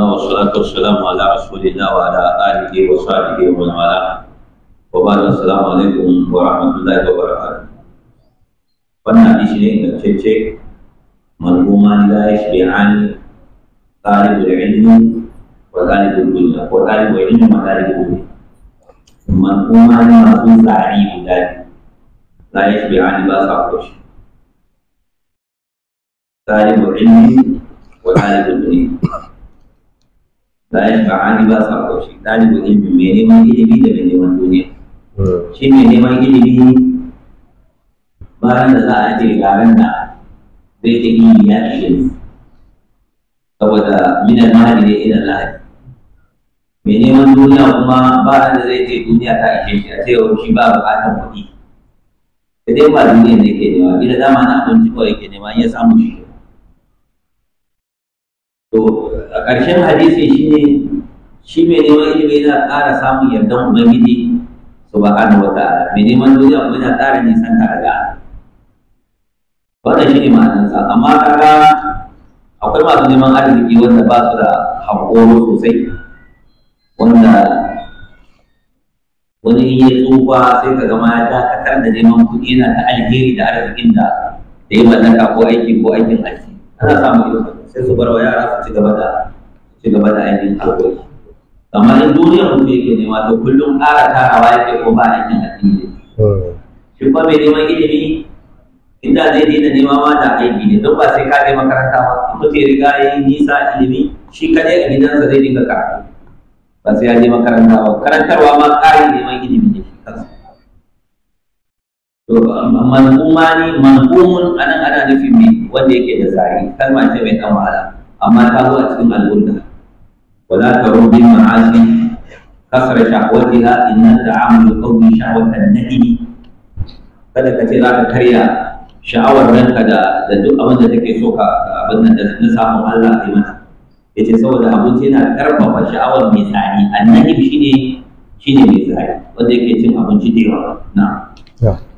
الله على رسول الله وعلى آله وصحبه ومن والاه وبعد السلام عليكم ورحمة الله وبركاته قلنا في سنة التشيك مرحوما لا يشبعان طالب العلم وطالب الدنيا وطالب العلم وطالب الدنيا مرحوما مرحوم تعريف ذلك لا يشبعان لا شيء. طالب العلم وطالب الدنيا bayan ba'ani ba sa koshi ɗalibin ilimin mai neman ilimi da mai neman duniya hmm. shi mai neman ilimi bayan da za a ce garin da zai ta yi ya ilimi saboda minan lahadi ne idan lahadi mai neman duniya kuma ba da zai ce duniya ta ishe shi a ce yau shi ba bukatar kuɗi da dai ba duniya ne ke nema gida dama na abinci kawai ke nema ya samu shi to a ƙarshen hadisi ne shi mai neman ilimi yana ƙara samun yardan ubangiji ba wa wata. mai neman duniya kuma yana ƙara nisan ta daga wannan ne ma'anarsa amma kaga akwai masu neman arziki wanda ba su da haƙoro sosai wanda wani in ya tsufa sai ka gama ya dakatar da neman kuɗi yana ta alheri da arzikin da ya yi mallaka ko aiki ko aikin aiki saya samu ido saya su bar wa yara pada ci gaba da ci gaba da ainihin harkoki amma in duniyar mutum yake nema to kullum ƙara tarawa yake ko ba aikin addini shi kuma jadi ini. ilimi inda zai daina nema ma da aiki ne don ba sai ka je makaranta ba mutum ya riga ya yi nisa ilimi shi ini a gidansa zai dinga karatu ba sai ya je wanda yake da zari kalma ce mai dan wahala amma ta zo a cikin al'umma wala taru bil ma'asi kasara shahwatiha inna ta'amul qawmi shahwatan nadimi kada ka ce za ka karya sha'awar ranka da da duk abin da take so ka abin nan da na samu Allah ya mata yace saboda abinci yana karfafa sha'awar mai tsari annabi shine shine mai tsari wanda yake cin abinci da yawa na'am